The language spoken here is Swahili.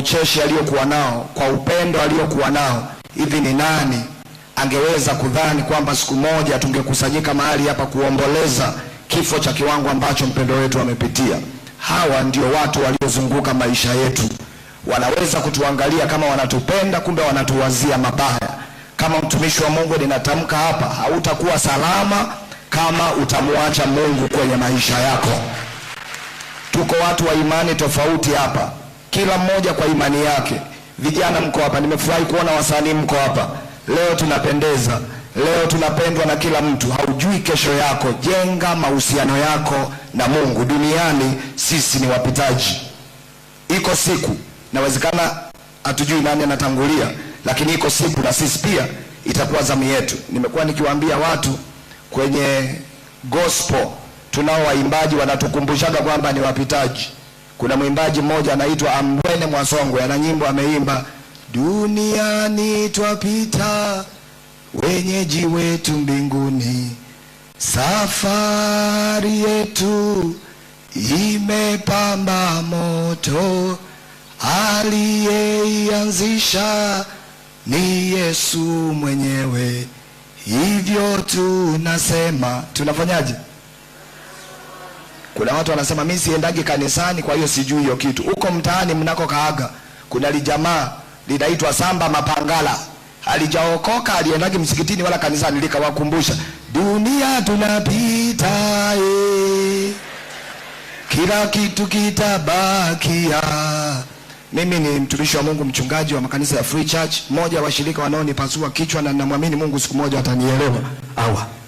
ucheshi aliyokuwa nao, kwa upendo aliyokuwa nao, hivi ni nani angeweza kudhani kwamba siku moja tungekusanyika mahali hapa kuomboleza kifo cha kiwango ambacho mpendo wetu amepitia? Hawa ndio watu waliozunguka maisha yetu, wanaweza kutuangalia kama wanatupenda, kumbe wanatuwazia mabaya. Kama mtumishi wa Mungu ninatamka hapa, hautakuwa salama kama utamwacha Mungu kwenye maisha yako. Tuko watu wa imani tofauti hapa kila mmoja kwa imani yake. Vijana mko hapa, nimefurahi kuona wasanii mko hapa leo, tunapendeza leo, tunapendwa na kila mtu. Haujui kesho yako, jenga mahusiano yako na Mungu. Duniani sisi ni wapitaji, iko siku nawezekana hatujui nani anatangulia, lakini iko siku na sisi pia itakuwa zamu yetu. Nimekuwa nikiwaambia watu kwenye gospel, tunao waimbaji wanatukumbushaga kwamba ni wapitaji kuna mwimbaji mmoja anaitwa Ambwene Mwasongwe, ana nyimbo ameimba, duniani twapita, wenyeji wetu mbinguni, safari yetu imepamba moto, aliyeianzisha ni Yesu mwenyewe. Hivyo tunasema tunafanyaje? Kuna watu wanasema mimi siendagi kanisani, kwa hiyo sijui hiyo kitu. Huko mtaani mnako kaaga, kuna lijamaa linaitwa Samba Mapangala, alijaokoka aliendagi msikitini wala kanisani, likawakumbusha dunia tunapita, e, kila kitu kitabakia. Mimi ni mtumishi wa Mungu, mchungaji wa makanisa ya Free Church, mmoja wa washirika wanaonipasua kichwa, na ninamwamini Mungu siku moja atanielewa hawa